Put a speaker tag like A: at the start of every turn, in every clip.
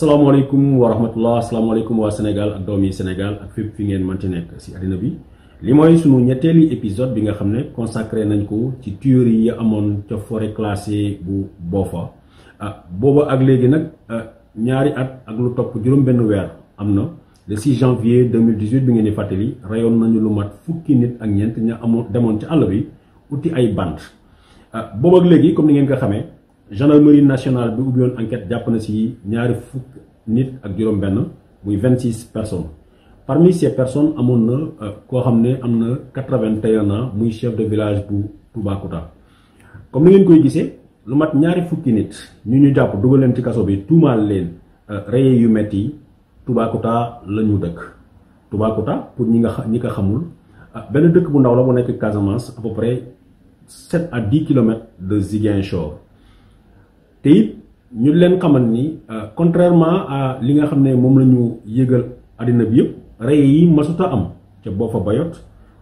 A: Assalamualaikum wa rahmatullah asalaamaaleykum waa Senegal ak domi senegal ak fep fi ngeen manti nek ci adina bi li moy sunu ñetteli episode bi nga xamne consacrer nañ ko ci tuerie ya amone ci forêt classée bu bofa ah bobo ak léegi nak ah, ñaari at ak lu top juroom benn weer amna le 6 janvier 2018 bi ngeen ni fàttali rayon nañu lu mat fukki nit ak ñent ña amone demone ci àll bi uti ay bande ah bobo ak léegi comme ni ngeen ko xamé gendarmerie nationale bi ubbi une enquête japp na ci ñaari fuk nit ak juróom-benn muy 26 personnes parmi ces personnes amoon na euh, koo xam 81 ans muy chef de village bu Kota. comme ni ngeen koy gisee lu mat ñaari fukki nit ñu ñu jàpp dugal leen ci kaso bi tuumaal leen euh, reye yu metti Touba Toubacouta lañu dëkk Touba pour ñi nga ñi ko xamul euh, benn dëkk bu ndaw la bu nekk Casamance à peu près 7 à 10 km de Ziguinchor. te it ñu leen xamal ni euh, contrairement à li nga xam ne moom la ñu yëgal àddina bi yëpp rey yi masuta am ca Boffa Bayotte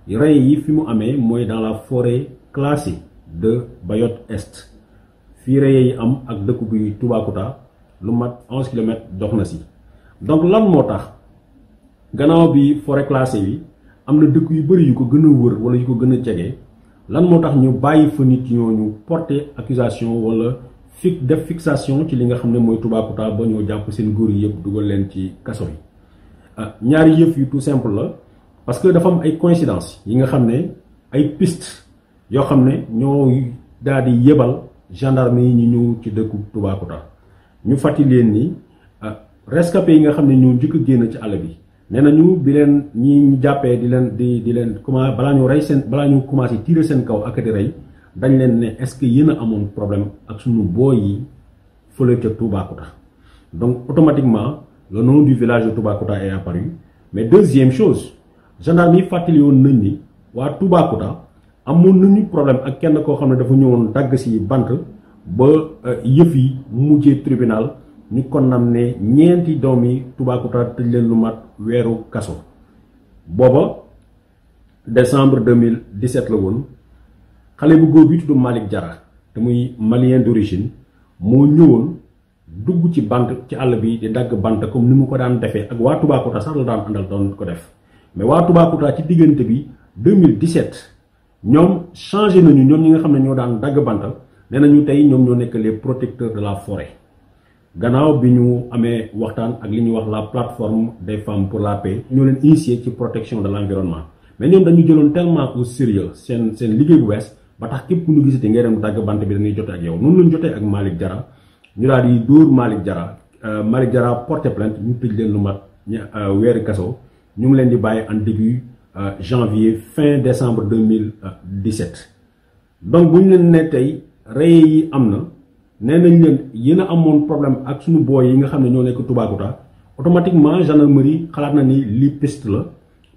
A: rey yi fi mu amee mooy dans la forêt classée de bayot Est fii rey yi am ak dëkk bi Toubacouta lu mat onze kilomètres dox na si donc lan moo tax gannaaw bi forêt classée yi am na dëkk yu bëri yu ko gën a wër wala yu ko gën a jege lan moo tax ñu bàyyi fa nit ñooñu porter accusation wala fik def fixation ci li nga xamne moy mooy Toubacouta ba ñoo japp seen goor yi yeb dugal len ci kasso yi ah ñaari yëf yu tout simple la parce que dafa am ay coïncidence yi nga xamne ay piste yo xamne ñoo daal di yebal gendarme yi ñu ñu ci dëkku Toubacouta ñu fàttali ni euh, rescapé yi nga xamne ñoo njëkk a ci àll bi nee ñu bi len ñi ñu jappé di len di di len comment bala ñu ray seen bala ñu commencé tirer seen kaw ak di ray dañ leen ne est-ce que yéen a amoon problème ak sunu booy yi fële ca Kouta. donc automatiquement le nom du village de Kouta est apparu mais deuxième chose gendarme yi fàttali woon nañ ni waa Toubacouta amoon nañu problème ak kenn koo xam ne dafa ñëwoon dagg si bant ba euh, yëf yi mujjee tribunal ñu condamné ñeenti doom Touba Toubacouta tëj leen lu mat weeru kaso booba décembre 2017 la woon. xale bu góor bi tudd Malick Diarra te muy malien d'origine moo ñëwoon dugg ci bant ci àll bi di dagg bant comme ni mu ko daan defee ak waa Toubacouta sax la daan àndal doon ko def mais waa Toubacouta ci diggante bi 2017 ñoom changé nañu ñoom ñi nga xam ne ñoo daan dagg bant nee nañu tey ñoom ñoo nekk protecteur de la forêt gannaaw bi ñu amee waxtaan ak li ñuy wax la plateforme des femmes pour la paix ñoo leen initié ci protection de l' environnement mais ñoom dañu jëloon tellement au sérieux seen seen liggéey bu bees ba tax képp ku ñu gisati ngay dem tàgg bant bi dañuy jotee ak yow noonu lañ jotee ak Malick Jara ñu daal di dóor Malick Jara euh, Malick Jara porté plainte ñu tëj leen lu mat euh, weeri kaso ñu ngi leen di bàyyi en début euh, janvier fin décembre 2017 donc bu ñu leen ne tey reye yi am na nee nañ leen yéen a amoon problème ak suñu booy yi nga xam ne ñoo nekk Toubacouta automatiquement gendarmerie xalaat na ni li piste la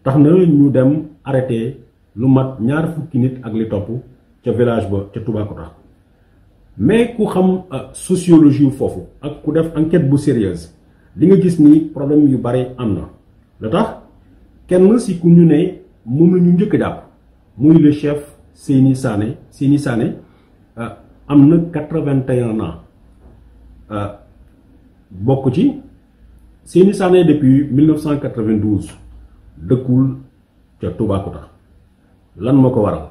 A: tax na ñu dem arrêté lu mat ñaar fukki nit ak li topp ca village ba ca Toubacouta mais ku xam euh, sociologie fofu ak ku def enquête bu sérieuse li nga gis ni problème yu bari amna na la tax kenn si ku ñu ne mom la ñu njëkk jàpp muy le chef Seyni Sané Seyni Sané euh, amna 81 quatre-vingt-un ans euh, bokk ci Seyni Sané depuis 1992 dëkkul Touba Toubacouta lan mako waral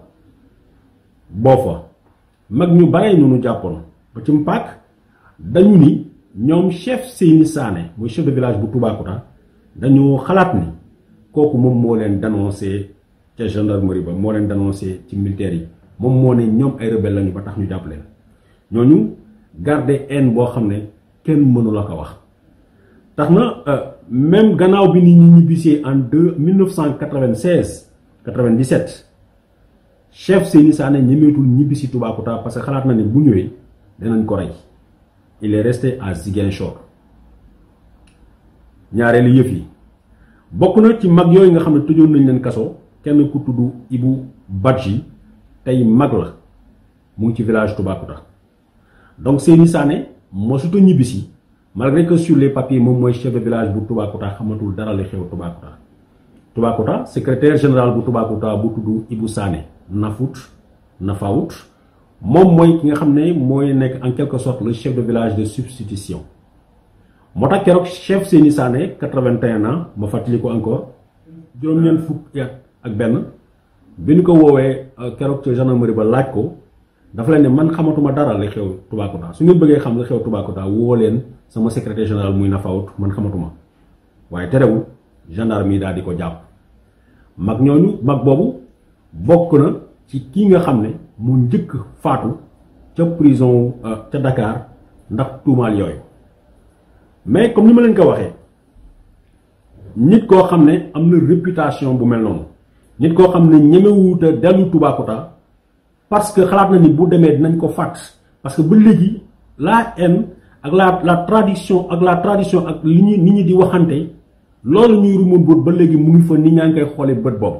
A: boo fa mag ñu bare ñu nu jàppoon ba ci mpaak dañu ni ñoom chef Seyni Sané muy chef de village bu Toubacouta dañu xalaat ni kooku moom moo leen dénoncé ca gendarmerie ba moo leen dénoncé ci militaire yi moom moo ne ñoom ay rebelle lañu ba tax ñu jàpp ñooñu garder haine boo xam ne kenn mënu la wax tax na euh, même gannaaw bi ni ñu ñibbisee en deux mille neuf cent chef Seyni Sané ñemeetul ñibbi si Toubacouta parce que xalat na ne bu ñëwee dinañ ko ray il est resté à Ziguinchor ñaareelu yëf yi na ci mag yooyu nga xam ne nañ leen kaso kenn ku tuddu Ibou Badji tay mag la mu ci village Toubacouta donc Seyni Sané mosuta ñibbi si malgré que sur les papiers moom moy chef de village bu Toubacouta xamatul dara li xew Toubacouta Toubacouta secrétaire général bu Toubacouta bu tuddu Ibou Sané Nafout Nafaout mom moy ki nga xamné moy en quelque sorte le chef de village de substitution kérok chef 81 ans ma encore fuk ya, ak ben un ko wowe euh, kérok gendarmerie ba laj ko dafa la man xamatuma dara li xew su ngeen bëggé xam la xew kota sama secrétaire général muy Nafaout man xamatuma bokk na ci kii nga xam ne mu njëkk faatu ca prison euh, ca dakaar ndax tuumaal yooyu mais comme ni ma leen ko waxee nit koo xam ne am na réputation bu mel noonu nit koo xam ne ñemewuuta dellu Toubacouta parce que xalaat na ni bu demee dinañ ko fàtt parce que ba léegi la haine ak la la tradition ak la tradition ak li ñu nit ñi di waxante loolu ñuy rumoon bët ba léegi mu ngi fa nit ñaa ngi koy xoolee bët boobu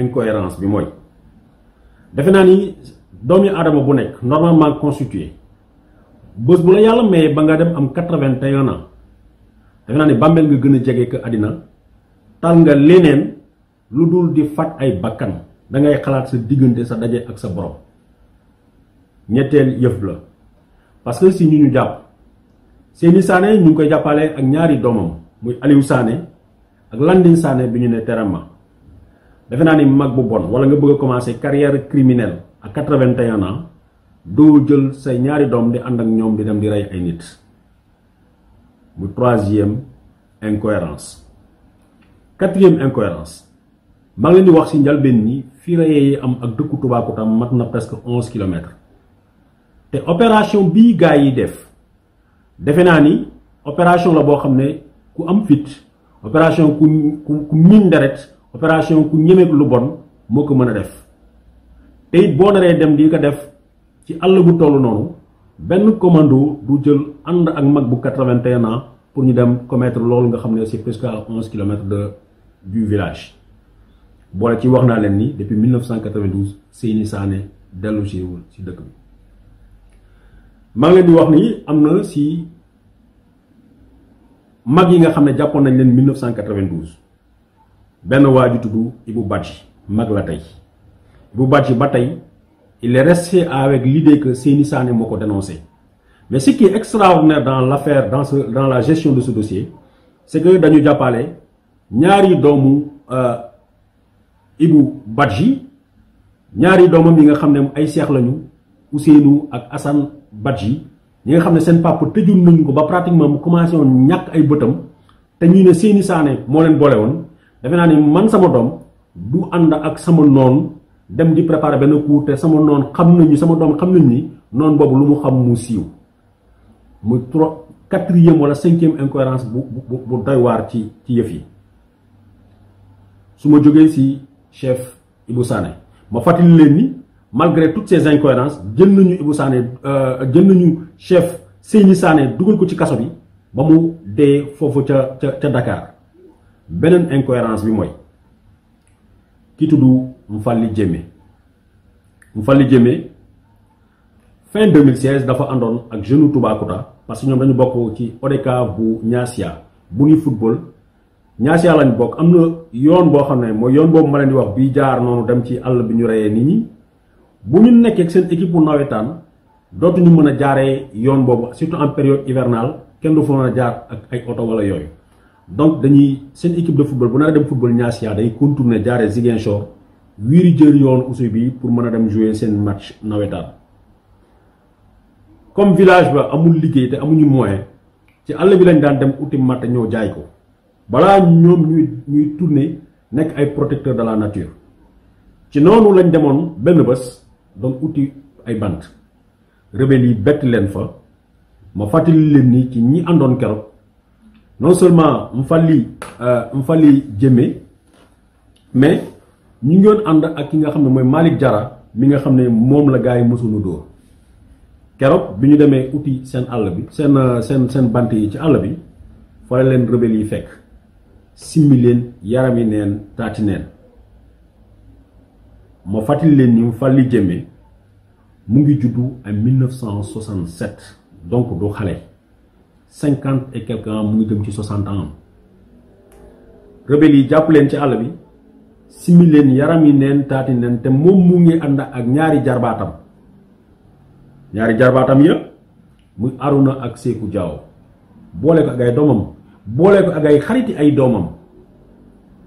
A: incohérence bi moy defe naa ni doomi aadama bu nek normalement constitué bés bu la yalla maye ba nga dem am 81 ans defe naa ni nga gëna a ke adina tal nga lenen lu dul di fat ay bakkan da ngay xalaat sa diggante sa dajé ak sa borom ñettel yëf bla parce que si ñu ñu jàpp seeni sané ñu koy jappalé ak ñaari domam muy Aliou Sané ak Landing Sané bi ñu ne terama defe naa ni mag bu bon wala nga bëgg a carrière criminelle à 81 ans do jël say ñaari dom di and ak ñom di dem di ray ay nit bu troisième incohérence quatrième incohérence maa ngi leen di wax si ben ni fi rayé yi am ak dëkku Toubacouta mat na presque 11 km té opération bi gaay yi def defe naa ni opération la bo xamné ku am fit opération ku ku min deret opération ku ñemeek lu bon moko mëna def té it boo naree dem di ko def ci Allah bu tollu noonu ben commando du jël and ak mag bu 81 ans pour ñu dem commettre lool nga xamné c'est presque à 11 km de du village bo la ci wax na len ni depuis 1992 Seyni Sané ci siwul ci dëkk bi ma ngi di wax ni amna ci mag yi nga xamné jappon nañ len 1992 ben waa ju Ibou Badji mag la tey Ibou Badji batay il est resté avec l'idée que Seyni Sané moo dénoncé mais ce qui est extraordinaire dans l'affaire dans ce dans la gestion de ce dossier c'est que dañu jàppale ñaari euh Ibou Badji ñaari domam yi nga xamné ay cheikh lañu Ousseynou ak Assane Badji ñi nga xamné ne papa tëjul nañ ko ba pratiquement commencé on ñak ay beutam té ñuy né Seyni Sané mo len bolé won defe naa ni man sama doom du ànd ak sama noon dem di préparer benn cours te sama noon xam nañu sama doom xam nañ ni noon boobu lu mu xam mu siiw mu trop quatrième wala cinquième incohérence bu bu bu ci ci yëf yi su ma jógee si chef Ibou Sané ma fàttali leen ni malgré tout ces incohérences jël nañu Ibou Sané euh, jël nañu chef Seyni Sané dugal ko ci kaso bi ba mu dee foofu ca ca ca Dakar beneen incohérence bi Moy ki tudd mfalli Diémé mfalli Diémé fin 2016 dafa andone ak jeune kouta parce que ñom dañu bokk ci odeka bu Niassia bu ngi football Niassia lañ bokk amna yoon bo xam moy yoon bobu ma leen di wax bi jaar nonu dem ci all bi ñu rayé nit ñi bu ñu nekkee ak seen équipe bu nawetaan dootuñu ñu mëna jaaré yoon bobu surtout en période hivernale kenn du fa jaar ak ay auto wala yooyu donc dañuy seen équipe de football bu na dem football Niassia day contourner yoon pour dem jouer seen match nawetaan comme village ba amul liggéey te amuñu moyen ci àll bi lañ daan dem uti jaay ko protecteur de la nature ci noonu lañ demoon benn uti ay bant yi leen fa ni ci ñi non seulement Mfally euh, Mfally Diémé mais ñu ngi doon ànd ak ki nga xamné moy Malik Malick mi nga xamné mom la gaay yi mësuñu dóor keroog bi ñu demee uti seen bi sen euh, sen sen bant yi ci all bi fa leen rebelles yi fekk simmi leen yaram yi neen taati neen ma fàttali leen ni Mfally Diémé mu ngi juddu en 1967 donc do xalé 50 et quelque ans mu ngi jëm ci soixante ans rebelle yi jàpp leen ci àll bi simi leen yaram yi neen taati neen te mu ngi ak ñaari ñaari ya muy aruna ak seeku jaaw boole ko ak ay doomam boole ko ak xariti ay doomam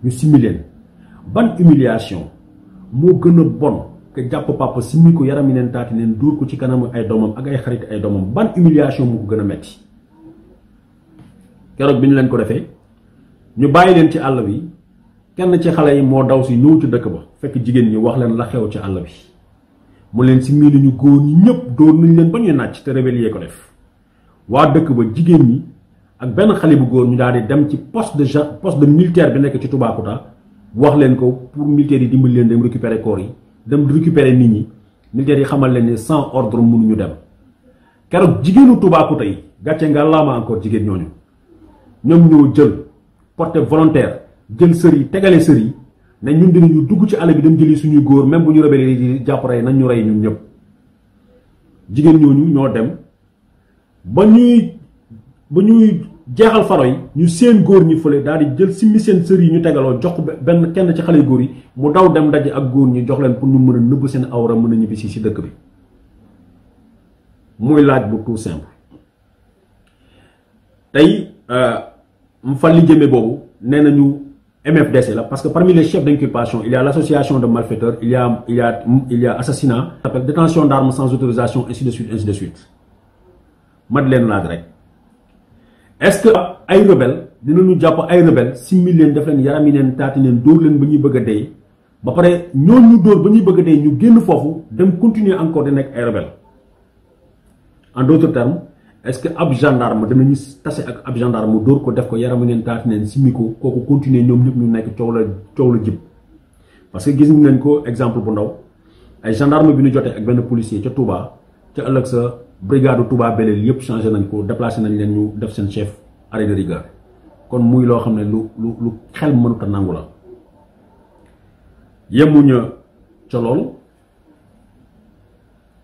A: ñu simi ban humiliation moo gën a bon ke jàpp papa simiko ko yaram yi neen taati neen dóor ko ci kanamu ay doomam ak ay ay ban humiliation moo ko gën metti keroog bi ñu leen ko defee ñu bàyyi leen ci àll bi kenn ci xale yi moo daw si ñëw ci dëkk ba fekk jigéen ñi wax leen la xew ci àll bi mu leen si mii ñu góor ñi ñëpp dóor nañ leen ba ñuy nàcc te rébellier ko def waa dëkk ba jigéen ñi ak benn xale bu góor ñu daal di dem ci poste de gen poste de militaire bi nekk ci Toubacouta wax leen ko pour militaire yi dimbali leen dem récupérer corps yi dem récupérer nit ñi militaire yi xamal leen ne sans ordre mënuñu dem keroog jigéenu Toubacouta yi gàcce nga laama jigéen ñooñu ñoom ñoo jël porté volontaire jël sër yi tegale sër yi ne ñun dinañu dugg ci àll bi dem jëli suñuy góor même bu ñu rebelle yi jàpp rey nañ ñu rey ñun ñëpp jigéen ñooñu ñoo dem ba ñuy ba ñuy jeexal faro yi ñu seen góor ñi fële daal di jël simmi seen sër yi ñu tegaloo jox benn kenn ci xale góor yi mu daw dem ndaje ak góor ñi jox leen pour ñu mën a nëbb seen awra mën a ñibbisi si dëkk bi muy laaj bu tout simple tey euh, Mfali nous MFDC parce que parmi les chefs d'incubation, il y a l'association de malfaiteurs, il y a, il a, il y a assassinat, détention d'armes sans autorisation, ainsi de suite, ainsi de suite. Madeleine Est-ce que les rebelles, rebelles, nous continuer encore en d'autres termes est ce que ab gendarme ñu tase ak ab gendarme door ko def ko yaram ngeen taat neen simiko koku continuer ñom ñep ñu nekk coow la jib parce que gis nañ ko exemple bu ndaw ay gendarme bi ñu jotee ak ben policier ci Touba ci ëlëk sa brigade Touba Belel yëpp changer nañ ko déplacer nañ leen ñu def sen chef arrêt de rigueur kon muy lo xamné lu lu lu xel mënuta nangu la yemuñu ci lool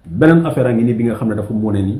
A: benen affaire a ngi ni bi nga xamné dafa moo ni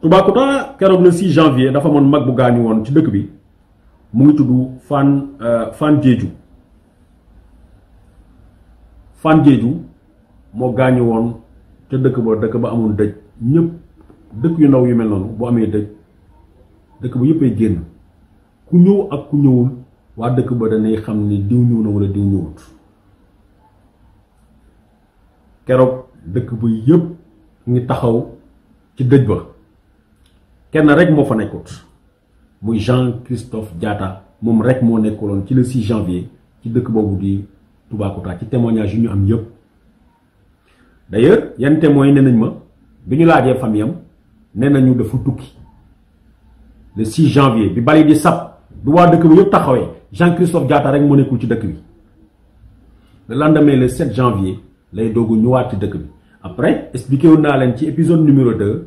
A: Toubacouta keroog le 6 janvier dafa amoon mag bu gaañu woon ci dëkk bi mu ngi tudd Fane euh, Fane Diédhiou Fane Diédhiou moo gaañu woon ca dëkk ba dëkk ba amul dëj ñépp dëkk yu ndaw yu mel noonu bu amee dëj dëkk ba ay génn ku ñëw ak ku ñëwul waa dëkk ba danay xam ni diw ñëw na wala diw ñëwut keroog dëkk ba yëpp ngi taxaw ci dëj ba. kenn rek mo fa nekkoon muy Jean Christophe Diatta moom rek moo nekkoloon ci le 6 janvier ci dëkk boobu di Toubacouta ci témoignage yu ñu am yëpp d'ailleurs yan témoins nee nañ ma bi ñu laajee famille am nee nañu dafa tukki le 6 janvier bi bali di sab bi waa dëkk bi yëpp taxawee Jean Christophe Diatta rek moo nekkul ci dëkk bi le lendemain le 7 janvier lay doogu ñëwaat ci dëkk bi après expliqué woon naa leen ci épisode numéro 2.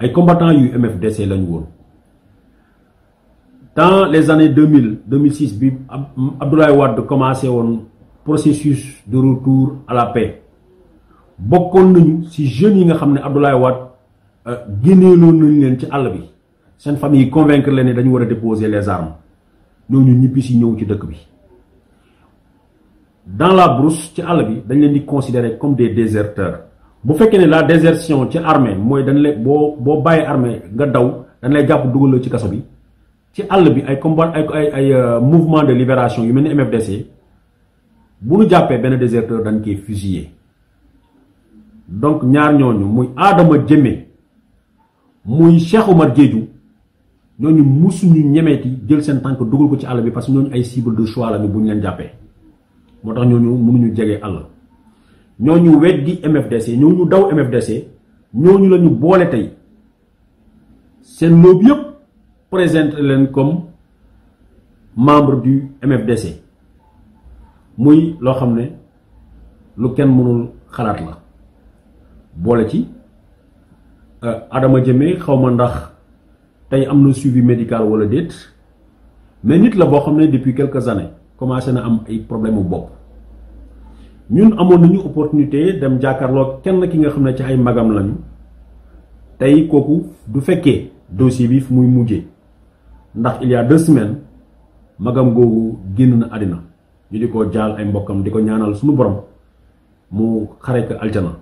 A: Les combattants du MFDC dans les années 2000 2006 Abdoulaye Wade commencé un processus de retour à la paix Si je ci jeunes yi nga Abdoulaye Wade euh, ont ci famille convaincre les gens de déposer les armes Nous n'y ci dans la brousse ils sont considérés comme des déserteurs bu vous ne la désertion ci armée moy dañ lay bo bo baye armée nga daw dañ lay japp ci bi ci all bi ay combat ay ay euh, mouvement de libération yu melni MFDC bu ñu jappé ben déserteur dañ fusillés. donc ñaar ñooñu muy Adama muy Cheikh Oumar ñooñu musuñu jël ko ci all bi parce que ñooñu ay cible de choix la leen ñooñu mënuñu nous sommes du MFDC nous ñu daw MFDC nous la ñu boole tey seen lobby yëpp présenté leen comme membre du MFDC muy loo xam ne lu kenn mënul xalaat la boole ci euh, Adama xaw ndax tey am suivi médical wala mais nit la boo depuis quelques années commencé na am ay problème nous avons une opportunité dem jàkkaarloo kenn ki nga xam ne ci ay magam lañu dossier bi il y a deux semaines magam googu génn na ñu di ay di ñaanal mu aljana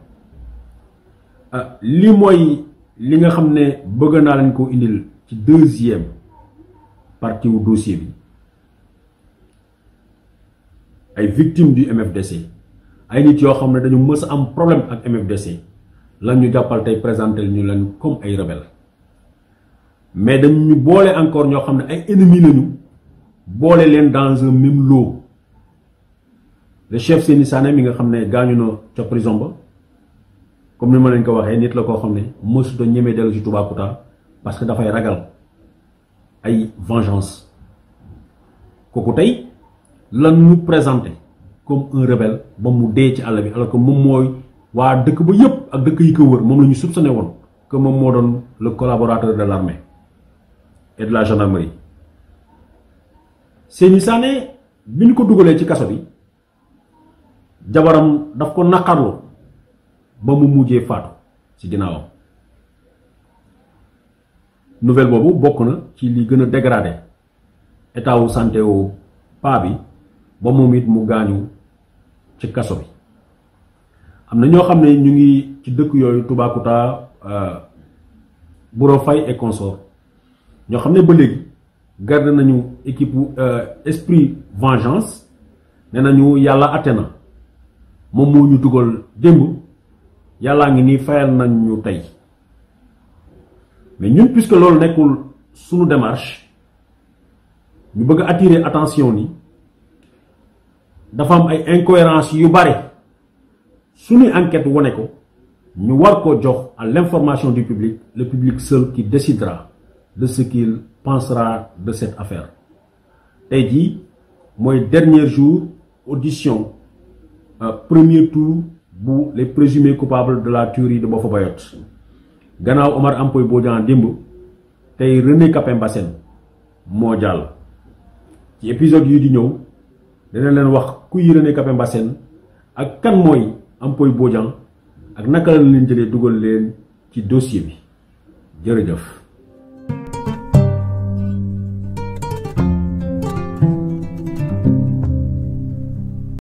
A: euh, li mooy li nga xam ko deuxième partie wu dossier bi ay victimes du MFDC ay nit yoo xam ne dañu mës a am problème ak MFDC lan ñu jàppal tey lu ñu leen comme ay rebelle mais dañ ñu boole encore ñoo xam ne ay ennemis lañu boole leen dans un même lot chef Seyni Sané mi nga xam ne gaañu noo ca prison ba comme ni ma leen ko waxee nit la koo xam ne mësuta ñemee dellu ci Toubacouta parce que dafay ragal ay vengeance kooku tey lan ñu présenté comme un rebelle ba mu dee ci àll bi alors que moom mooy waa dëkk ba yépp ak dëkk yi ko wër moom la ñu soupçonné woon que moom moo doon le collaborateur de l'armée et de la gendarmerie Seyni Sané bi ñu ko dugalee ci kaso bi jabaram daf ko naqarlu ba mu mujjee faatu ci ginnaawam nouvelle boobu bokk na ci li gën a dégradé état wu santé wu bi ba moom it mu gaañu ci kaso bi amna ño xamné ñu ngi ci dëkk yooyu euh Bouro Fay et consort ño xamné ba légui garde nañu équipe euh esprit vengeance né nañu Yalla atte mom mo ñu duggal demb Yalla ngi ni fayal nañu tay mais ñun puisque lool nekul sunu démarche ñu bëgg attirer attention ni dafa am ay incohérence yu bare une enquête woné ko ñu war ko jox à l'information du public le public seul qui décidera de ce qu'il pensera de cette affaire tay ji moy dernier jour audition euh, premier tour bu les présumés coupables de la tuerie de Boffa ganao Omar Ampoy Bodian et René Capain Bassène épisode yu di deneen leen wax kuy ne Capain Bassène ak kan mooy Ampoy Bodian ak naka la leen jëlee dugal leen ci dossier bi jërëjëf.